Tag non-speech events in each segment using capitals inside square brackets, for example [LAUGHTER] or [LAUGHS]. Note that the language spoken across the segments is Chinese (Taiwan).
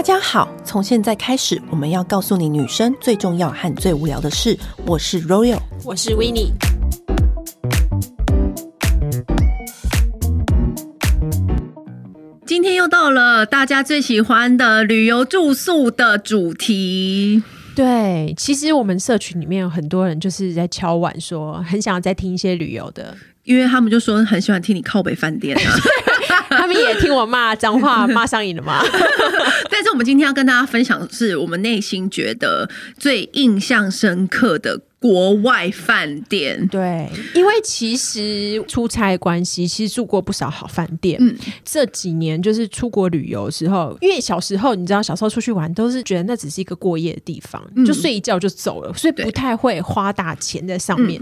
大家好，從現在開始，我們要告訴你女生最重要和最無聊的事。我是 Royal，我是 Winnie。今天又到了大家最喜歡的旅遊住宿的主題。對，其實我們社群裡面有很多人就是在敲碗說，說很想要再聽一些旅遊的。因為他們就說很喜歡聽你靠北飯店，啊， [LAUGHS] 他們也聽我罵髒話罵上癮了嘛 [LAUGHS] 。但是我們今天要跟大家分享的，是我們內心覺得最印象深刻的。國外飯店，對，因為其實出差關係，其實住過不少好飯店，嗯。這幾年就是出國旅遊的時候，因為小時候你知道，小時候出去玩都是覺得那只是一個過夜的地方，嗯，就睡一覺就走了，所以不太會花大錢在上面。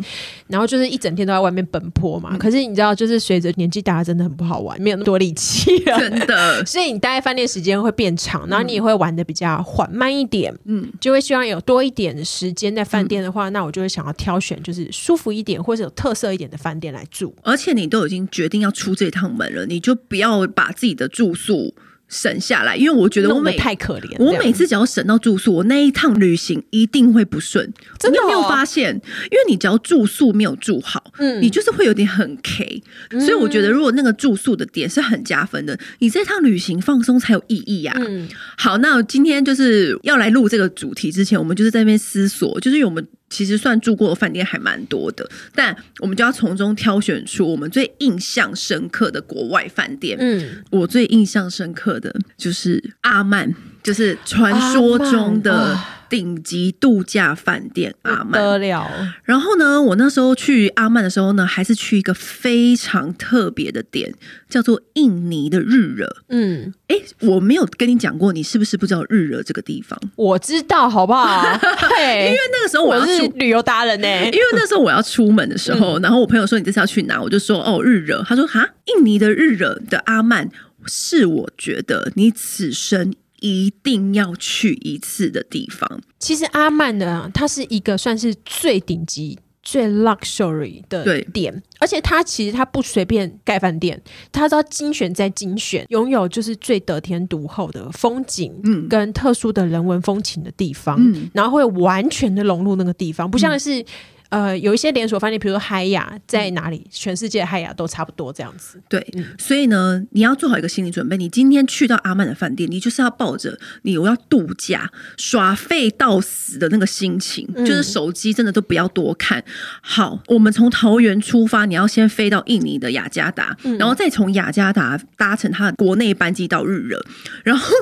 然後就是一整天都在外面奔波嘛。嗯、可是你知道，就是隨着年紀大，真的很不好玩，沒有那麼多力氣啊，真的。 [LAUGHS] 所以你待在飯店時間會變長，然後你也會玩得比較緩慢一點。嗯，就會希望有多一點的時間在飯店的話，嗯、那我。我就會想要挑選就是舒服一點或者有特色一點的飯店來住，而且你都已經決定要出這趟門了，你就不要把自己的住宿省下來，因為我覺得我每得太可憐，我每次只要省到住宿，我那一趟旅行一定會不順。真的、哦，你沒有發現？因為你只要住宿沒有住好，嗯，你就是會有點很 K。所以我覺得，如果那個住宿的點是很加分的，嗯、你這趟旅行放鬆才有意義呀、啊。嗯，好，那我今天就是要來錄這個主題之前，我們就是在那邊思索，就是我們。其實算住過的飯店還蠻多的，但我們就要從中挑選出我們最印象深刻的國外飯店。嗯，我最印象深刻的，就是阿曼，就是傳說中的。哦頂級度假飯店阿曼，得了。然後呢，我那時候去阿曼的時候呢，還是去一個非常特別的點，叫做印尼的日惹。嗯、哎、欸，我沒有跟你講過，你是不是不知道日惹這個地方？我知道，好不好、啊？ [LAUGHS] 因為那個時候我，要我是旅遊達人呢、欸。 [LAUGHS] 因為那時候我要出門的時候，然後我朋友說，你這次要去哪？我就說，哦，日惹。他說哈，印尼的日惹的阿曼是我覺得你此生。一定要去一次的地方，其實阿曼呢，它是一個算是最頂級、最 luxury 的店，而且它其實它不隨便蓋飯店，它都要精選再精選，擁有就是最得天獨厚的風景，跟特殊的人文風情的地方，嗯，然後會完全的融入那個地方，不像是，嗯。呃，有一些連鎖飯店，比如說海雅在哪裡？嗯、全世界海雅都差不多這樣子。對、嗯，所以呢，你要做好一個心理準備，你今天去到阿曼的飯店，你就是要抱着你我要度假耍廢到死的那個心情，嗯、就是手機真的都不要多看。好，我們從桃園出發，你要先飛到印尼的雅加達、嗯，然後再從雅加達搭乘他的國內班機到日惹，然後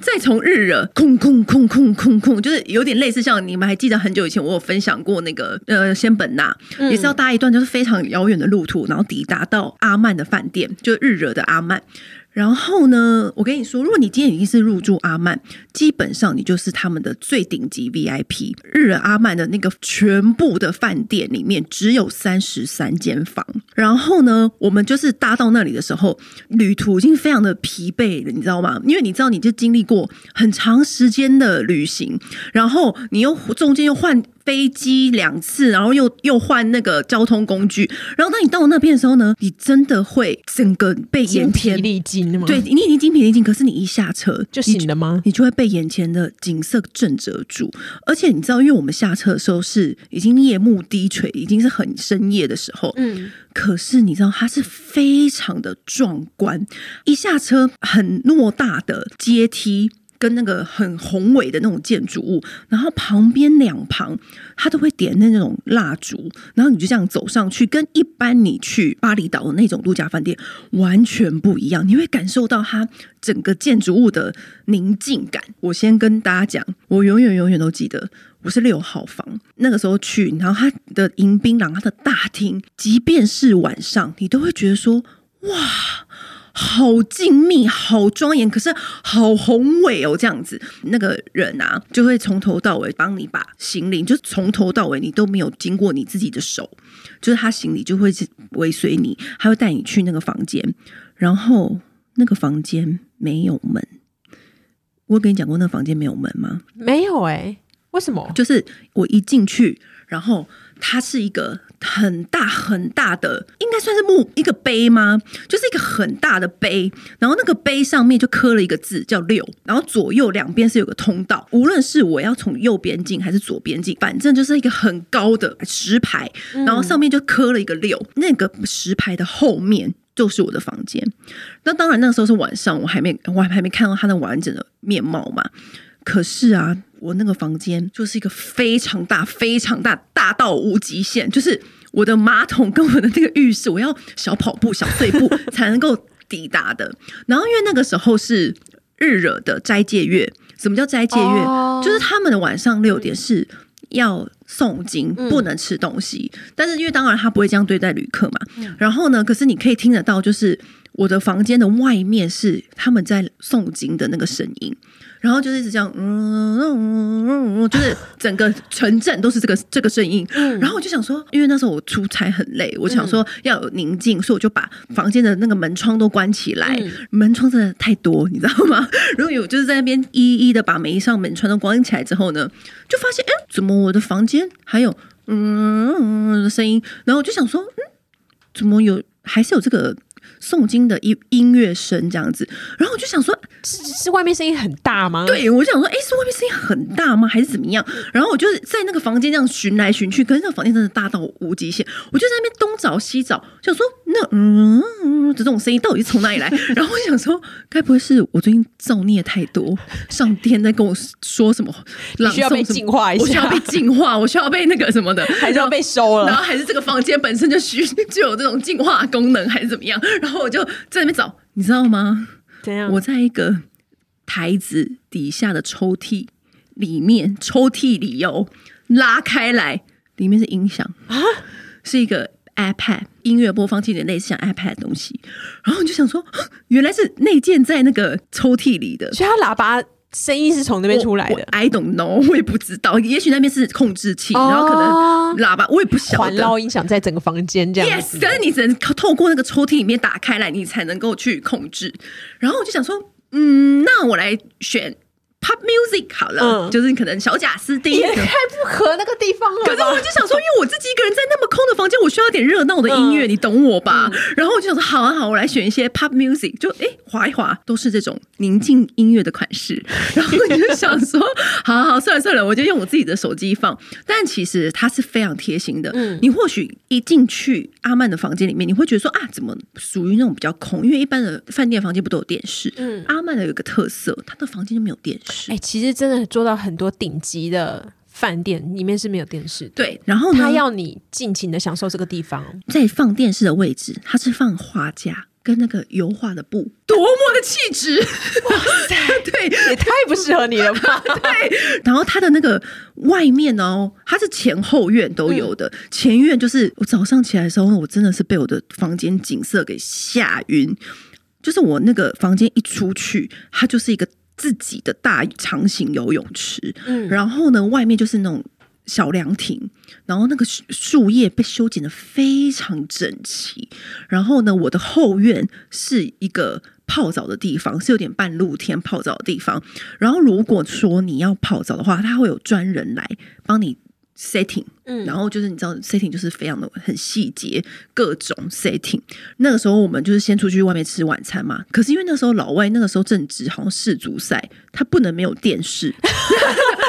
再從日惹空空空空空空，就是有點類似像你們還記得很久以前我有分享過那個、呃呃，仙本那也是要搭一段，就是非常遙遠的路途、嗯，然後抵達到安縵的飯店，就是、日惹的安縵。然後呢，我跟你說，如果你今天已經是入住安縵，基本上你就是他們的最頂級 VIP。日惹安縵的那個全部的飯店裡面只有三十三間房。然後呢，我們就是搭到那裡的時候，旅途已經非常的疲憊了，你知道嗎？因為你知道，你就經歷過很長時間的旅行，然後你又中間又換。飛機兩次，然後又又換那個交通工具，然後當你到那邊的時候呢，你真的會整個被眼前精疲力盡了嗎？對，你已經精疲力盡，可是你一下車就醒了嗎？你你就會被眼前的景色震懾住，而且你知道，因為我們下車的時候是已經夜幕低垂，已經是很深夜的時候，嗯，可是你知道它是非常的壯觀，一下車很偌大的階梯。跟那個很宏偉的那種建築物，然後旁邊兩旁他都會點那種蠟燭，然後你就這樣走上去，跟一般你去巴厘島的那種度假飯店完全不一樣，你會感受到它整個建築物的寧靜感。我先跟大家講，我永遠永遠都記得我是六號房，那個時候去，然後它的迎賓廊，它的大廳，即便是晚上，你都會覺得說哇。好靜謐，好莊嚴，可是好宏偉哦！這樣子，那個人啊，就會從頭到尾幫你把行李，就從頭到尾你都沒有經過你自己的手，就是他行李就會尾隨你，他會帶你去那個房間，然後那個房間沒有門。我跟你講過那個房間沒有門嗎？沒有欸，為什麼？就是我一進去，然後它是一個。很大很大的，應該算是木一個碑嗎？就是一個很大的碑，然後那個碑上面就刻了一個字叫六，然後左右兩邊是有個通道，無論是我要從右邊進還是左邊進，反正就是一個很高的石牌，然後上面就刻了一個六。嗯、那個石牌的後面就是我的房間。那當然那個時候是晚上，我還沒我還沒看到他的完整的面貌嘛。可是啊。我那個房間就是一個非常大、非常大、大到無極限，就是我的馬桶跟我的那個浴室，我要小跑步、小碎步才能夠抵達的。 [LAUGHS] 然後，因為那個時候是日惹的齋戒月，什麼叫齋戒月？哦、就是他們的晚上六點是要誦經、嗯，不能吃東西。但是，因為當然他不會這樣對待旅客嘛。嗯、然後呢，可是你可以聽得到，就是我的房間的外面是他們在誦經的那個聲音。然後就是一直這樣，嗯，就是整個城鎮都是這個這個聲音、嗯。然後我就想說，因為那時候我出差很累，我想說要有寧靜，所以我就把房間的那個門窗都關起來。嗯、門窗真的太多，你知道嗎？如果有就是在那邊一一的把每一扇門窗都關起來之後呢，就發現，哎，怎麼我的房間還有嗯的聲音？然後我就想說，嗯，怎麼有還是有這個？誦經的音音樂聲這樣子，然後我就想說，是是外面聲音很大嗎？對我就想說，誒、欸，是外面聲音很大嗎？還是怎麼樣？然後我就在那個房間這樣尋來尋去，可是那個房間真的大到無極限，我就在那邊東找西找，想說那嗯，嗯，這種聲音到底是從哪裡來？ [LAUGHS] 然後我想說，該不會是我最近造孽太多，上天在跟我說什麼？朗什麼需要被淨化一下，我需要被淨化，我需要被那個什麼的， [LAUGHS] 還是要被收了？然後，然後還是這個房間本身就需就有這種淨化功能，還是怎麼樣？ [LAUGHS] 然後我就在那邊找，你知道嗎？怎樣？我在一個台子底下的抽屜裡面，抽屜裡要、哦、拉開來，裡面是音響啊，是一個 iPad 音樂播放器，類似像 iPad 的東西。然後我就想說，原來是內建在那個抽屜裡的，所以他喇叭。聲音是從那邊出來的，I don't know，我也不知道，也許那邊是控制器，oh，然後可能喇叭，我也不曉得環繞音響在整個房間這樣子。Yes，但是你只能透過那個抽屜裡面打開來，你才能夠去控制。然後我就想說，嗯，那我來選。Pop music 好了，嗯，就是可能小賈斯汀也太不合那個地方了。可是我就想說，因為我自己一個人在那麼空的房間，我需要點熱鬧的音樂，嗯，你懂我吧，嗯？然後我就想說，好啊好，我來選一些 Pop music 就。就，欸、哎，劃一劃，都是這種寧靜音樂的款式。 [LAUGHS] 然後我就想說，好好算了算了，我就用我自己的手機放。但其實它是非常貼心的。嗯，你或許一進去阿曼的房間裡面，你會覺得說啊，怎麼屬於那種比較空？因為一般的飯店房間不都有電視？嗯，阿曼的有一個特色，他的房間就沒有電視。哎、欸，其實真的做到很多頂級的飯店裡面是沒有電視的，對。然後他要你盡情的享受這個地方，在放電視的位置，它是放畫架跟那個油畫的布，多麼的氣質！ [LAUGHS] 哇塞 [LAUGHS] 對，也太不適合你了吧？ [LAUGHS] 對。然後它的那個外面哦，它是前後院都有的，嗯、前院就是我早上起來的時候，我真的是被我的房間景色給嚇暈，就是我那個房間一出去，它就是一個。自己的大長型游泳池，嗯，然後呢，外面就是那種小涼亭，然後那個樹葉被修剪得非常整齊，然後呢，我的後院是一個泡澡的地方，是有點半露天泡澡的地方，然後如果說你要泡澡的話，他會有專人來幫你 setting。嗯，然後就是你知道 setting 就是非常的很細節，各種 setting。那個時候我們就是先出去外面吃晚餐嘛，可是因為那時候老外那個時候正值好像世足賽，他不能沒有電視。 [LAUGHS]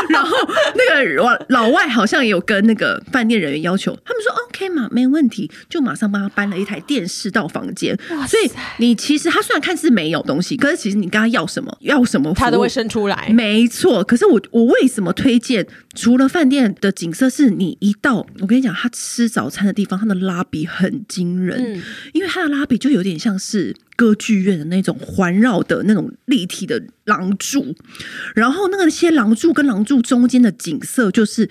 [LAUGHS] 然後那個老老外好像也有跟那個飯店人員要求，他們說 OK 嘛，沒問題，就馬上幫他搬了一台電視到房間。哇塞！所以你其實他雖然看似沒有東西，可是其實你跟他要什麼要什麼，他都會生出來。沒錯，可是我我為什麼推薦？除了飯店的景色是你。一到我跟你講，他吃早餐的地方，他的 lobby 很驚人。嗯，因為他的 lobby 就有點像是歌劇院的那種環繞的那種立體的廊柱，然後那個那些廊柱跟廊柱中間的景色就是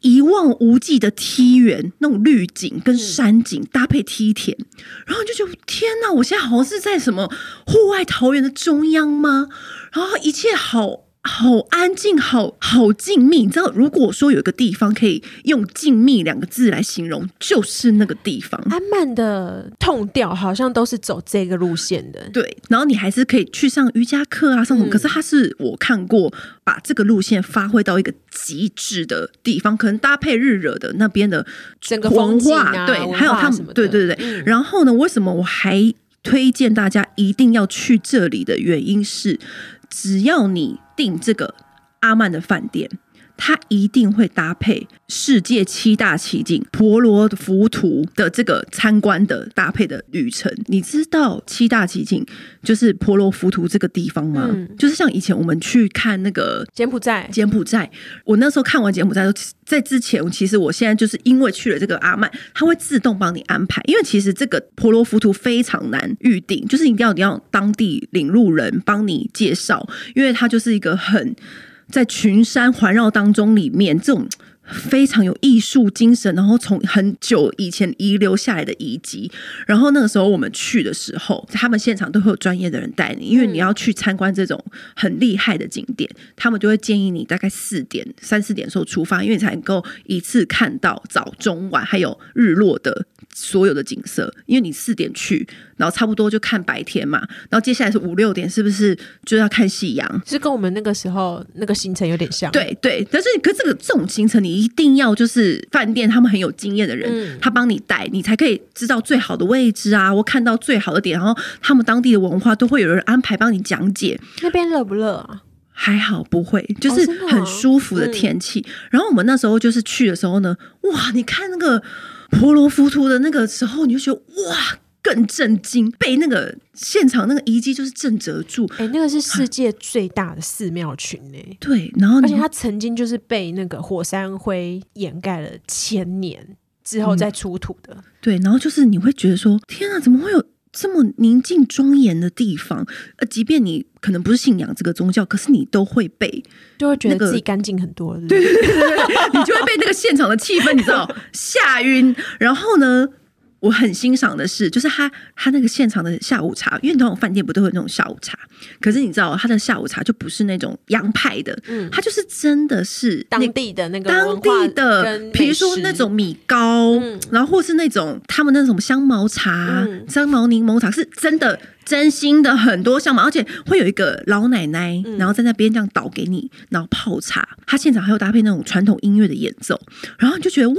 一望無際的梯園，那種綠景跟山景搭配梯田，嗯、然後你就覺得天哪，我現在好像是在什麼戶外桃源的中央嗎？然後一切好。好安靜，好好靜謐。你知道，如果說有一個地方可以用“靜謐”兩個字來形容，就是那個地方。安縵的痛調好像都是走這個路線的，對。然後你還是可以去上瑜伽課啊，上什麼。嗯、可是他是我看過把這個路線發揮到一個極致的地方，可能搭配日惹的那邊的整個文化，風啊、對，還有他們，對對對，對、嗯。然後呢，為什麼我還推薦大家一定要去這裡的原因是，只要你。訂這個阿曼的飯店。他一定會搭配世界七大奇景婆羅浮屠的這個參觀的搭配的旅程。你知道七大奇景就是婆羅浮屠這個地方嗎？嗯，就是像以前我們去看那個柬埔寨、柬埔寨。我那時候看完柬埔寨，在之前，其實我現在就是因為去了這個阿曼，他會自動幫你安排。因為其實這個婆羅浮屠非常難預定，就是一定要你要當地領路人幫你介紹，因為它就是一個很。在群山環繞當中，裡面這種非常有藝術精神，然後從很久以前遺留下來的遺跡。然後那個時候我們去的時候，他們現場都會有專業的人帶你，因為你要去參觀這種很厲害的景點，嗯、他們就會建議你大概四點、三四點的時候出發，因為你才能夠一次看到早、中、晚還有日落的。所有的景色，因為你四點去，然後差不多就看白天嘛。然後接下來是五六點，是不是就要看夕陽？是跟我們那個時候那個行程有點像。對對，但是可是這個這種行程，你一定要就是飯店他們很有經驗的人，嗯、他幫你帶，你才可以知道最好的位置啊，我看到最好的點。然後他們當地的文化都會有人安排幫你講解。那邊熱不熱啊？還好，不會，就是很舒服的天氣、哦嗯。然後我們那時候就是去的時候呢，哇，你看那個。婆羅浮屠的那個時候，你就覺得哇，更震驚，被那個現場那個遺跡就是震懾住。哎、欸，那個是世界最大的寺廟群誒、欸啊。對，然後你而且它曾經就是被那個火山灰掩蓋了千年之後再出土的、嗯。對，然後就是你會覺得說，天啊，怎麼會有？這麼寧靜莊嚴的地方，呃，即便你可能不是信仰這個宗教，可是你都會被，那個，就會覺得自己乾淨很多，那個。對，對，對， [LAUGHS] 你就會被那個現場的氣氛，你知道，嚇暈。然後呢，我很欣賞的是，就是他他那個現場的下午茶，因為那種飯店不都有那種下午茶？可是你知道，他的下午茶就不是那種洋派的，他、嗯、就是真的是當地的那個當地的，比如說那種米糕，嗯、然後或是那種他們那種香茅茶、嗯、香茅檸檬茶，是真的。真心的很多項目，而且會有一個老奶奶，然後站在那邊這樣倒給你，然後泡茶。她現場還有搭配那種傳統音樂的演奏，然後你就覺得哇，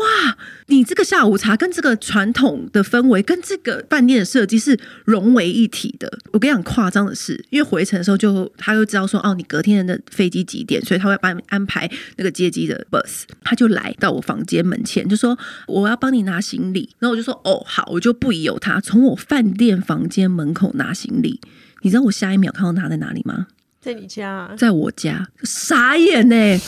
你這個下午茶跟這個傳統的氛圍，跟這個飯店的設計是融為一體的。我跟你講誇張的是，因為回程的時候就他就知道說哦，你隔天，天的飛機幾點，所以他會幫你安排那個接機的 bus，他就來到我房間門前，就說我要幫你拿行李，然後我就說哦好，我就不疑有他，從我飯店房間門口拿。行李，你知道我下一秒看到他在哪裡嗎？在你家、啊，在我家，傻眼呢、欸。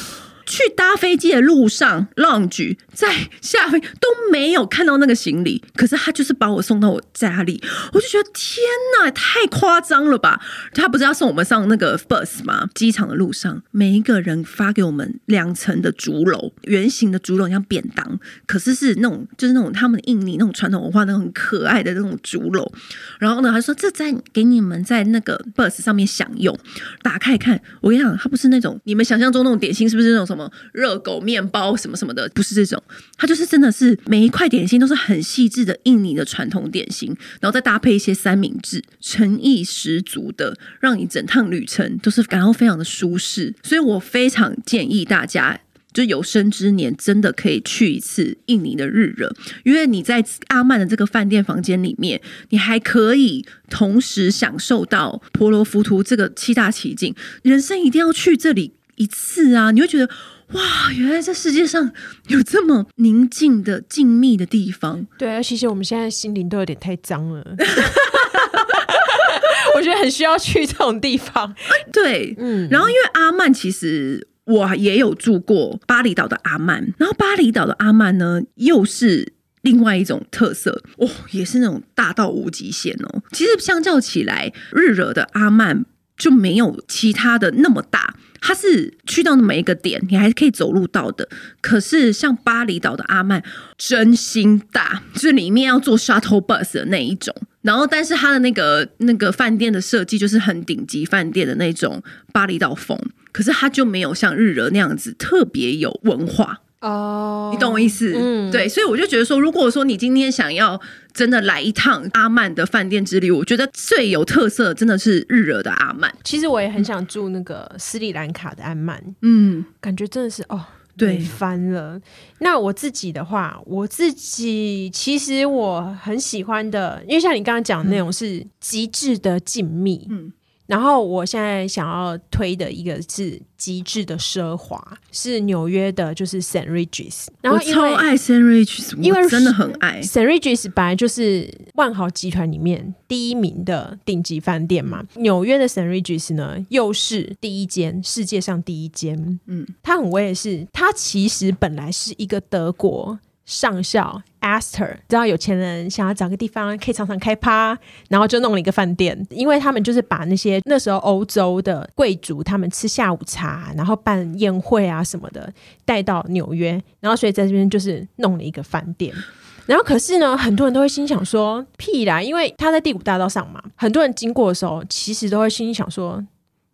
去搭飛機的路上 lounge 在下飛機，都沒有看到那個行李，可是他就是把我送到我家裡，我就覺得天哪，太誇張了吧！他不是要送我們上那個 bus 嗎？機場的路上，每一個人發給我們兩層的竹簍，圓形的竹簍像便當。可是是那種就是那種他們的印尼那種傳統文化那種很可愛的那種竹簍。然後呢，他說這在給你們在那個 bus 上面享用。打開一看，我跟你講，它不是那種你們想象中那種點心，是不是那種？什麼熱狗麵包什麼什麼的，不是這種，它就是真的是每一塊點心都是很細緻的印尼的傳統點心，然後再搭配一些三明治，誠意十足的，讓你整趟旅程都是感到非常的舒適。所以我非常建議大家，就有生之年真的可以去一次印尼的日惹，因為你在阿曼的這個飯店房間裡面，你還可以同時享受到婆羅浮屠這個七大奇景。人生一定要去這裡一次啊，你會覺得哇，原來這世界上有這麼寧靜的靜謐的地方。對啊，其實我們現在心靈都有點太髒了， [LAUGHS] [LAUGHS] 我覺得很需要去這種地方。對，嗯。然後因為阿曼其實我也有住過巴厘島的阿曼，然後巴厘島的阿曼呢又是另外一種特色哦，也是那種大到無極限哦。其實相較起來，日惹的阿曼就沒有其他的那麼大。它是去到那麼一個點，你還是可以走路到的。可是像巴厘島的阿曼，真心大，就是裡面要坐 shuttle bus 的那一種。然後，但是它的那個那個飯店的設計，就是很頂級飯店的那種巴厘島風。可是它就沒有像日惹那樣子特別有文化。哦、oh，你懂我意思，嗯，對，所以我就覺得說，如果說你今天想要真的來一趟阿曼的飯店之旅，我覺得最有特色真的是日惹的阿曼。其實我也很想住那個斯里蘭卡的阿曼，嗯，感覺真的是哦，對，翻了。那我自己的話，我自己其實我很喜歡的，因為像你剛剛講的那種是極致的靜謐，嗯。嗯然後我現在想要推的一個是極致的奢華，是紐約的，就是 St. Regis。然後我超愛 St. Regis，因為真的很愛 St. Regis，本來就是萬豪集團裡面第一名的頂級飯店嘛。紐約的 St. Regis 呢，又是第一間，世界上第一間。嗯，他很我也是他其實本來是一個德國。上校 Aster 知道有錢人想要找個地方可以常常開趴，然後就弄了一個飯店。因為他們就是把那些那時候歐洲的貴族他們吃下午茶，然後辦宴會啊什麼的帶到紐約，然後所以在這邊就是弄了一個飯店。然後可是呢，很多人都會心想說屁啦，因為他在第五大道上嘛，很多人經過的時候其實都會心，心想說，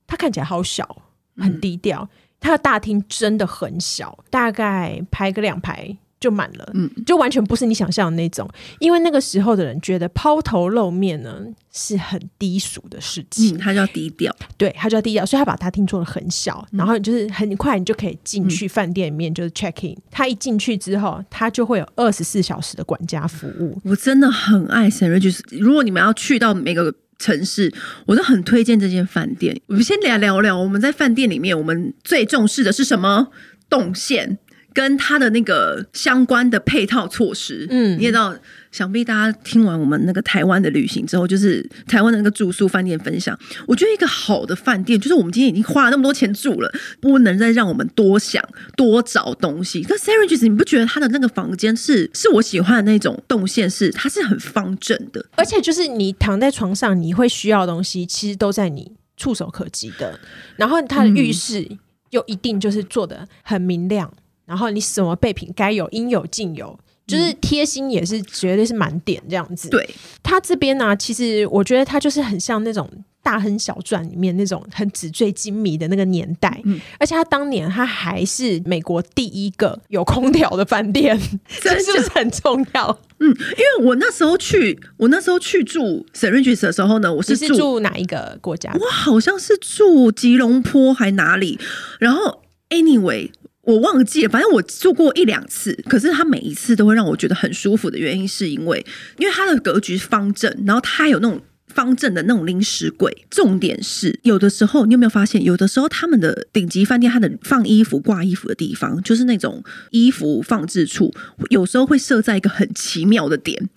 他看起來好小，很低調。嗯、他的大廳真的很小，大概排個兩排，就滿了，嗯，就完全不是你想象的那種，因為那個時候的人覺得拋頭露面呢是很低俗的事情。嗯，他叫低調，對，他叫低調，所以他把他聽錯了很小，嗯，然後就是很快你就可以進去飯店裡面，嗯，就是 check in。他一進去之後，他就會有二十四小時的管家服務。我真的很愛 St. Regis，就是如果你們要去到每個城市，我都很推薦這間飯店。我們先來聊聊，我們在飯店裡面我們最重視的是什麼？動線。跟他的那個相關的配套措施，嗯，你也知道，想必大家聽完我們那個台灣的旅行之後，就是台灣的那個住宿飯店分享。我覺得一個好的飯店，就是我們今天已經花了那麼多錢住了，不能再讓我們多想多找東西。那 s e r e n g e 你不覺得他的那個房間是是我喜歡的那種動線？是它是很方正的，而且就是你躺在床上，你會需要的東西其實都在你觸手可及的。然後他的浴室、嗯、又一定就是做得很明亮。然後你什麼備品該有應有盡有，嗯，就是貼心也是絕對是滿點這樣子。對，他這邊呢，啊，其實我覺得他就是很像那種大亨小傳裡面那種很紙醉金迷的那個年代。嗯，而且他當年他還是美國第一個有空調的飯店，嗯，這是不是很重要？嗯，因為我那時候去，我那時候去住聖瑞吉斯的時候呢，我是住，是住哪一個國家？我好像是住吉隆坡還哪裡？然後，anyway。我忘記了，反正我住過一兩次，可是他每一次都會讓我覺得很舒服的原因，是因為因為他的格局是方正，然後他有那種方正的那種零食櫃。重點是，有的時候你有沒有發現，有的時候他們的頂級飯店，它的放衣服、掛衣服的地方，就是那種衣服放置處，有時候會設在一個很奇妙的點，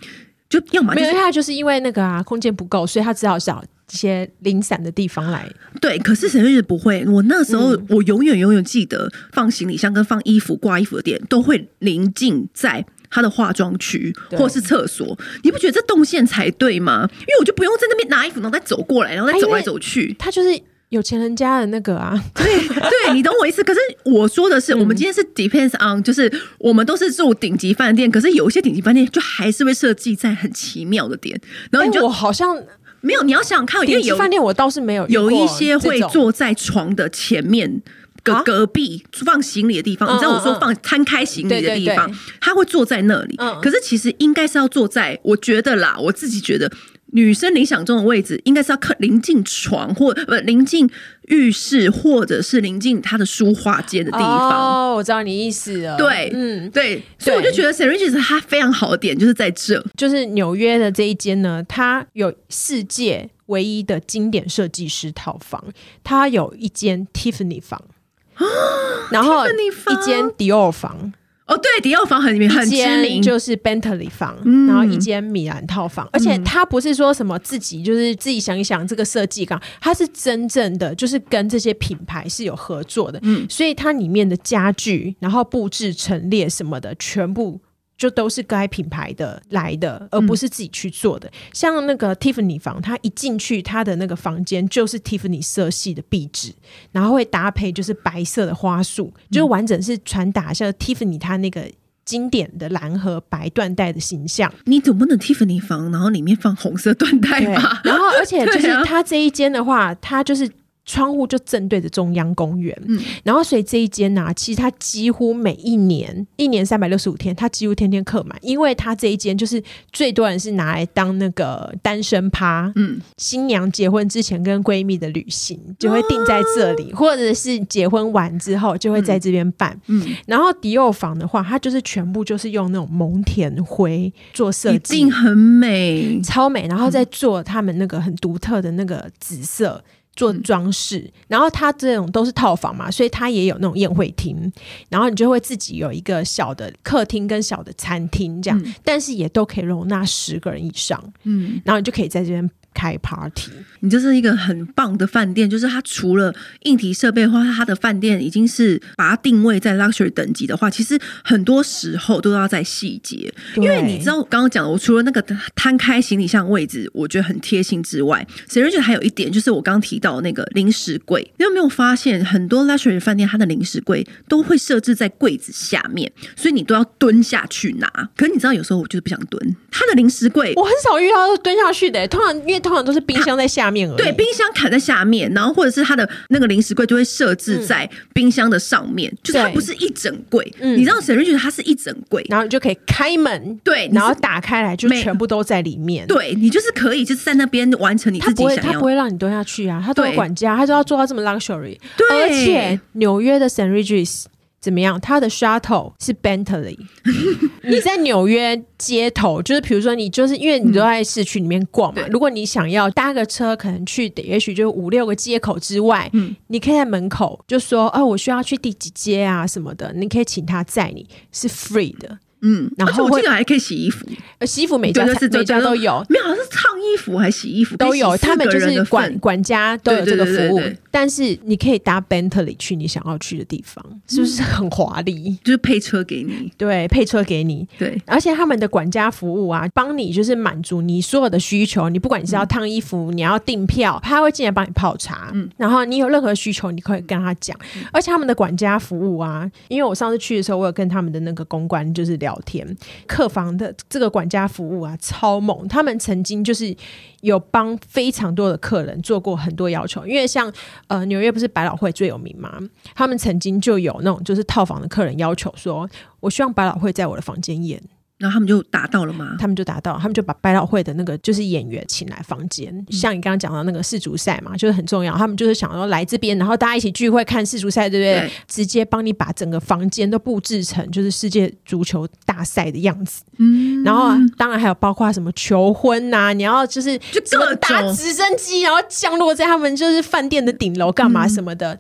就要嘛、就是，沒有他就是因為那個啊，空間不夠，所以他只好小。一些零散的地方來，對。可是沈月月不會，我那時候、嗯、我永遠永遠記得，放行李箱跟放衣服掛衣服的點都會臨近在她的化妝區或是廁所。你不覺得這動線才對嗎？因為我就不用在那邊拿衣服，然後再走過來，然後再走來走去。他就是有錢人家的那個啊，對對，你懂我意思。可是我說的是，嗯、我們今天是 depends on，就是我們都是住頂級飯店，可是有一些頂級飯店就還是會設計在很奇妙的點，然後你、欸、好像。沒有，你要想想看，因為有飯店，我倒是沒有，有一些會坐在床的前面，隔隔壁、啊、放行李的地方，嗯、你知道我說放攤、嗯、開行李的地方、嗯嗯，他會坐在那裡。嗯、可是其實應該是要坐在，我覺得啦，我自己覺得。女生理想中的位置應該是要靠臨近床，或不臨近浴室，或者是臨近她的書畫街的地方，哦、oh,，我知道你意思了。對，嗯，對，所以我就覺得 St. Regis 它，非常好的點就是在這，就是紐約的這一間呢，它有世界唯一的經典設計師套房，它有一間 Tiffany 房， [COUGHS] 然後一間 Dior 房。 [COUGHS] 哦、oh,，對，迪奧房很裡面一間就是 Bentley 房，嗯、然後一間米蘭套房，嗯、而且他不是說什麼自己就是自己想一想這個設計感，他是真正的就是跟這些品牌是有合作的，嗯、所以它裡面的家具，然後佈置陳列什麼的，全部。就都是該品牌的來的，而不是自己去做的。嗯、像那個 Tiffany 房，它一進去，它的那個房間就是 Tiffany 色系的壁紙，然後會搭配就是白色的花束，嗯、就完整是傳達一下 Tiffany 它那個經典的藍和白緞帶的形象。你總不能 Tiffany 房，然後裡面放紅色緞帶吧？然後，而且就是它這一間的話，它就是。窗戶就正對着中央公園，嗯、然後所以這一間呢、啊，其實它幾乎每一年，一年三百六十五天，它幾乎天天客滿，因為它這一間就是最多人是拿來當那個單身趴，嗯，新娘結婚之前跟閨蜜的旅行就會訂在這裡、啊，或者是結婚完之後就會在這邊辦，嗯，然後迪奧房的話，它就是全部就是用那種蒙田灰做設計，一定很美，超美，然後再做他們那個很獨特的那個紫色。做裝飾，然後它這種都是套房嘛，所以它也有那種宴會廳，然後你就會自己有一個小的客廳跟小的餐廳這樣，嗯，但是也都可以容納十個人以上，嗯，然後你就可以在這邊。開 party，你就是一個很棒的飯店。就是它除了硬體設備的話，它的飯店已經是把它定位在 luxury 等級的話，其實很多時候都要在細節。因為你知道我剛剛講的，我除了那個攤開行李箱的位置，我覺得很貼心之外，人覺得還有一點就是我剛剛提到的那個零食櫃。你有沒有發現很多 luxury 飯店它的零食櫃都會設置在櫃子下面，所以你都要蹲下去拿。可是你知道有時候我就是不想蹲，它的零食櫃我很少遇到蹲下去的，欸，突然。通常都是冰箱在下面，對，冰箱卡在下面，然後或者是它的那個零食櫃就會設置在冰箱的上面，嗯、就是它不是一整櫃，嗯、你知道 St. Regis 它是一整櫃，然後你就可以開門，對，然後打開來就全部都在裡面，對，你就是可以就是在那邊完成你自己想。他不他不會讓你蹲下去啊，他都要管家，他就要做到這麼 luxury，對，而且紐約的 St. Regis。怎麼樣？他的 shuttle 是 Bentley。 [LAUGHS] 你在紐約街頭，就是比如說你就是因為你都在市區裡面逛嘛，嗯。如果你想要搭個車，可能去也許就五六個街口之外，嗯，你可以在門口就說：“哦，我需要去第幾街啊什麼的。”你可以請他載你，是 free 的，嗯。然後會還可以洗衣服，呃，洗衣服每家每家都有，沒有是燙衣服還是洗衣服都有，他們就是管對對對對管家都有這個服務。但是你可以搭 Bentley 去你想要去的地方，嗯、是不是很華麗？就是配車給你，對，配車給你，對。而且他們的管家服務啊，幫你就是滿足你所有的需求。你不管你是要燙衣服，嗯、你要訂票，他會進來幫你泡茶。嗯，然後你有任何需求，你可以跟他講、嗯。而且他們的管家服務啊，因為我上次去的時候，我有跟他們的那個公關就是聊天，客房的這個管家服務啊，超猛。他們曾經就是有幫非常多的客人做過很多要求，因為像。呃，紐約不是百老匯最有名嗎？他們曾經就有那種就是套房的客人要求說，我希望百老匯在我的房間演。然後他們就達到了嘛？他們就達到了，他們就把百老匯的那個就是演員請來房間，嗯、像你剛剛講到那個世足賽嘛，就是很重要。他們就是想說，來這邊，然後大家一起聚會看世足賽，對不對，對？直接幫你把整個房間都佈置成就是世界足球大賽的樣子。嗯，然後當然還有包括什麼求婚吶、啊，你要就是就這麼大直升機，然後降落在他們就是飯店的頂樓幹嘛什麼的，嗯、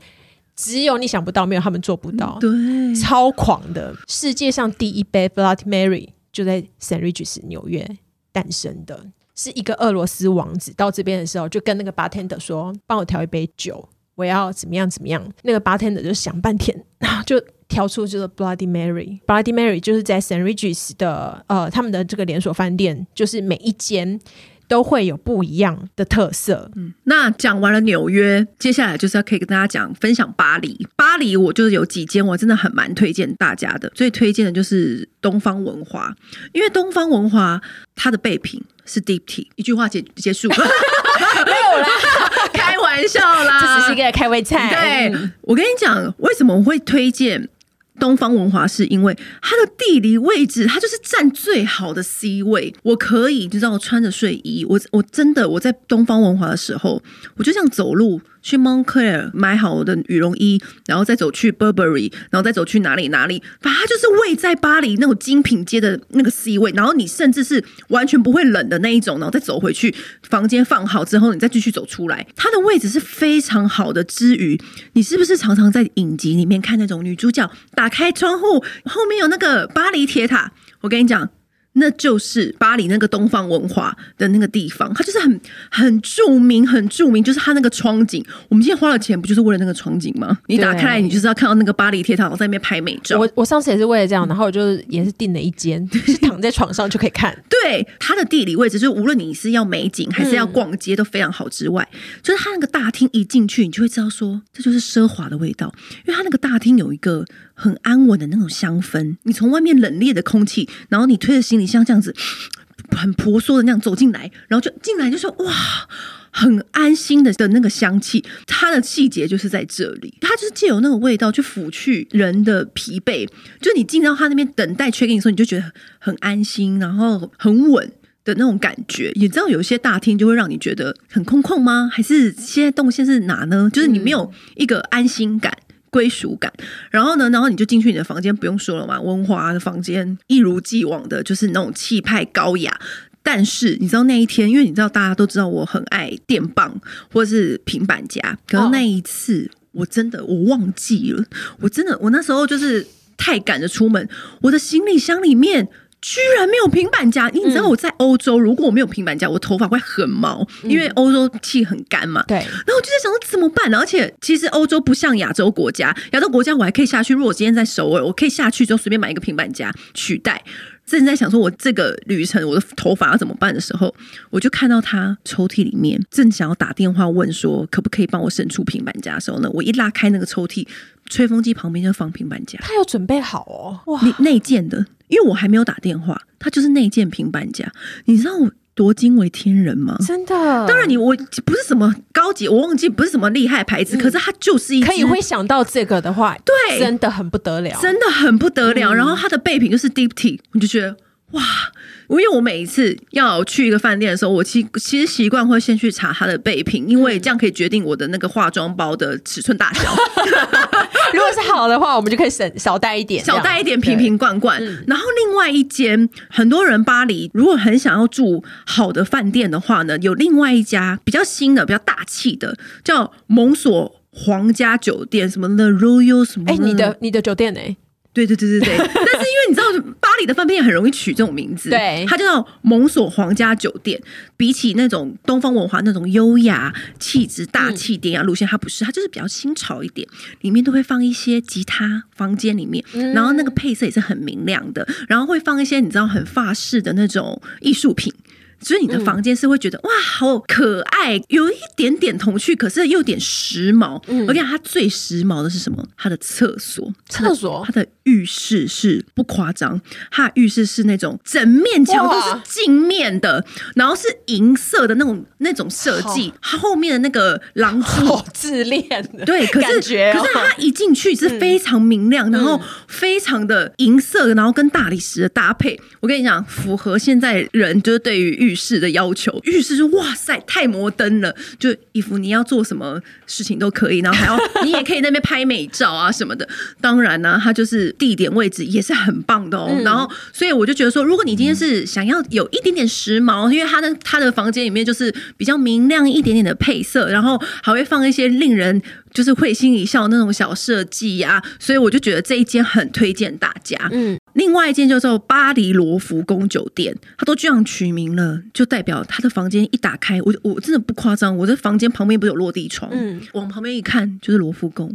只有你想不到，沒有他們做不到。對，超狂的，世界上第一杯 Bloody Mary。就在 St. Regis 紐約誕生的，是一個俄羅斯王子。到這邊的時候，就跟那個 bartender 說：“幫我調一杯酒，我要怎麼樣怎麼樣。”那個 bartender 就想半天，然後就調出就是 Bloody Mary。Bloody Mary 就是在 St. Regis 的呃他們的這個連鎖飯店，就是每一間。都會有不一樣的特色。嗯，那講完了紐約，接下來就是要可以跟大家講分享巴黎。巴黎，我就是有幾間我真的很蠻推薦大家的，最推薦的就是東方文華，因為東方文華它的備品是 deep tea，一句話結結束， [LAUGHS] [LAUGHS] [LAUGHS] 沒有啦， [LAUGHS] 開玩笑啦， [LAUGHS] 這只是一個開胃菜。嗯。對，我跟你講，為什麼我會推薦？東方文華是因為它的地理位置，它就是占最好的 C 位。我可以，你知道，穿着睡衣，我我真的我在東方文華的時候，我就像走路。去 Moncler 買好我的羽絨衣，然後再走去 Burberry，然後再走去哪裡哪裡，反正就是位在巴黎那種精品街的那個 C 位。然後你甚至是完全不會冷的那一種，然後再走回去房間放好之後，你再繼續走出來。它的位置是非常好的之餘，你是不是常常在影集裡面看那種女主角打開窗戶，後面有那個巴黎鐵塔？我跟你講。那就是巴黎那個東方文化的那個地方，它就是很很著名，很著名，就是它那個窗景，我們今天花了錢不就是為了那個窗景嗎？你打開來，你就是要看到那個巴黎鐵塔，我在那邊拍美照。我我上次也是為了這樣，嗯、然後我就也是訂了一間，就是躺在床上就可以看。對，它的地理位置，就是無論你是要美景還是要逛街，嗯、都非常好之外，就是它那個大廳一進去，你就會知道說這就是奢華的味道，因為它那個大廳有一個，很安穩的那種香氛，你從外面冷冽的空氣，然後你推着行李箱這樣子，很婆娑的那樣走進來，然後就進來就說哇，很安心的的那個香氣，它的細節就是在這裡，它就是借由那個味道去撫去人的疲憊。就是、你進到他那邊等待 check in 的時候，你就覺得很安心，然後很穩的那種感覺。你知道有些大廳就會讓你覺得很空曠嗎？還是現在動線是哪呢？就是你沒有一個安心感。嗯歸屬感，然後呢？然後你就進去你的房間，不用說了嘛。文華的房間一如既往的就是那種氣派高雅，但是你知道那一天，因為你知道大家都知道我很愛電棒或是平板夾，可是那一次，Oh. 我真的我忘記了，我真的我那時候就是太趕着出門，我的行李箱裡面。居然沒有平板夾！你，你知道我在歐洲、嗯，如果我沒有平板夾，我頭髮會很毛，因為歐洲氣很乾嘛、嗯。對，然後我就在想說怎麼辦？而且其實歐洲不像亞洲國家，亞洲國家我還可以下去。如果我今天在首爾，我可以下去之後隨便買一個平板夾取代。正在想說，我這個旅程我的頭髮要怎麼辦的時候，我就看到他抽屜裡面正想要打電話問說，可不可以幫我伸出平板夾的時候呢，我一拉開那個抽屜，吹風機旁邊就放平板夾，他有準備好哦，哇，內建的，因為我還沒有打電話，他就是內建平板夾，你知道我。驚為天人嘛！真的，當然你我不是什麼高級，我忘記不是什麼厲害牌子，嗯，可是它就是一，可以會想到這個的話，對，真的很不得了，真的很不得了。嗯、然後它的備品就是 Deep Tea，你就覺得。哇！因為我每一次要去一個飯店的時候，我其其實習慣會先去查它的備品，嗯，因為這樣可以決定我的那個化妝包的尺寸大小。 [LAUGHS] [LAUGHS] 如果是好的話，我們就可以省少帶一點，少帶一點瓶瓶罐罐。嗯、然後另外一間，很多人巴黎如果很想要住好的飯店的話呢，有另外一家比較新的、比較大氣的，叫蒙索皇家酒店，什麼 Le Royal，欸、什麼的？什麼的呢？你的你的酒店呢？對對對對對。 [LAUGHS] 但是因為你知道。巴黎的飯店很容易取這種名字，對，它叫做蒙索皇家酒店。比起那種東方文化那種優雅、氣質、大氣典雅路線，它不是，它就是比較新潮一點。裡面都會放一些吉他，房間裡面、嗯，然後那個配色也是很明亮的，然後會放一些你知道很法式的那種藝術品。所、就、以、是、你的房間是會覺得、嗯、哇，好可愛，有一點點童趣，可是又有點時髦。我跟你講，它最時髦的是什麼？它的廁所，廁所，它的浴室是不誇張，它的浴室是那種整面牆都是鏡面的，然後是銀色的那種那種設計、哦。它後面的那個狼蛛，好自戀。對，可是感覺、哦、可是它一進去是非常明亮，嗯、然後非常的銀色，然後跟大理石的搭配，我跟你講，符合現在人就是對於浴。浴室的要求，浴室說哇塞，太摩登了。就衣服你要做什麼事情都可以，然後還要 [LAUGHS] 你也可以那邊拍美照啊什麼的。當然呢、啊，它就是地點位置也是很棒的哦、喔嗯。然後，所以我就覺得說，如果你今天是想要有一點點時髦，因為他的他的房間裡面就是比較明亮一點點的配色，然後還會放一些令人。就是會心一笑那種小設計呀，所以我就覺得這一間很推薦大家。嗯，另外一間叫做巴黎羅浮宮酒店，它都這樣取名了，就代表它的房間一打開，我我真的不誇張，我這房間旁邊不是有落地窗，嗯，往旁邊一看就是羅浮宮。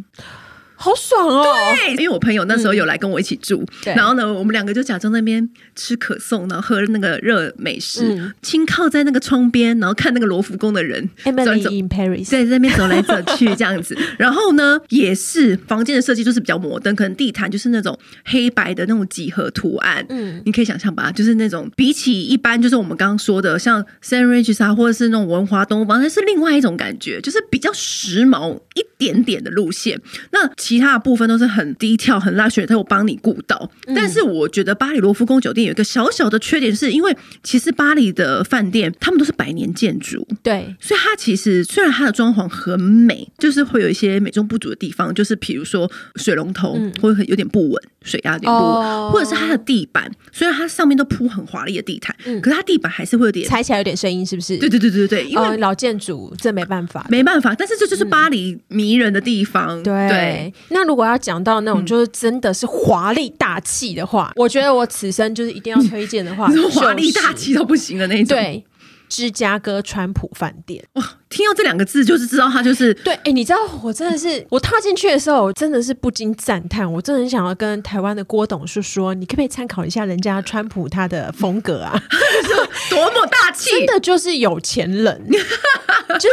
好爽哦！對，因為我朋友那時候有來跟我一起住，嗯、然後呢，我們兩個就假裝在那邊吃可頌，然後喝那個熱美式，輕、嗯、靠在那個窗邊，然後看那個羅浮宮的人 Emily in Paris，對，在那邊走來走去這樣子。 [LAUGHS] 然後呢，也是房間的設計就是比較摩登，可能地毯就是那種黑白的那種幾何圖案，嗯，你可以想象吧，就是那種比起一般就是我們剛剛說的像 St. Regis 啊，或者是那種文華東方，那是，是另外一種感覺，就是比較時髦一點點的路線。那其他的部分都是很低調、很拉血，它有幫你顧到。但是我覺得巴黎羅浮宮酒店有一個小小的缺點是，是因為其實巴黎的飯店他們都是百年建築，對，所以它其實雖然它的裝潢很美，就是會有一些美中不足的地方，就是比如說水龍頭、嗯、會很有點不穩，水壓、啊、有點不穩、哦，或者是它的地板，雖然它上面都鋪很華麗的地毯、嗯，可是它地板還是會有點踩起來有點聲音，是不是？對對對對對，對，因為、呃、老建築這沒辦法，沒辦法。但是這就是巴黎迷人的地方，嗯、對。那如果要講到那種就是真的是華麗大氣的話、嗯，我覺得我此生就是一定要推薦的話，嗯，華麗大氣都不行的那一種，對，芝加哥川普飯店。啊聽到這兩個字，就是知道他就是對。哎、欸，你知道我真的是我踏進去的時候，我真的是不禁讚嘆。我真的很想要跟台灣的郭董事說，你可不可以參考一下人家川普他的風格啊？ [LAUGHS] 多麼大氣，真的就是有錢人， [LAUGHS] 就是 [LAUGHS]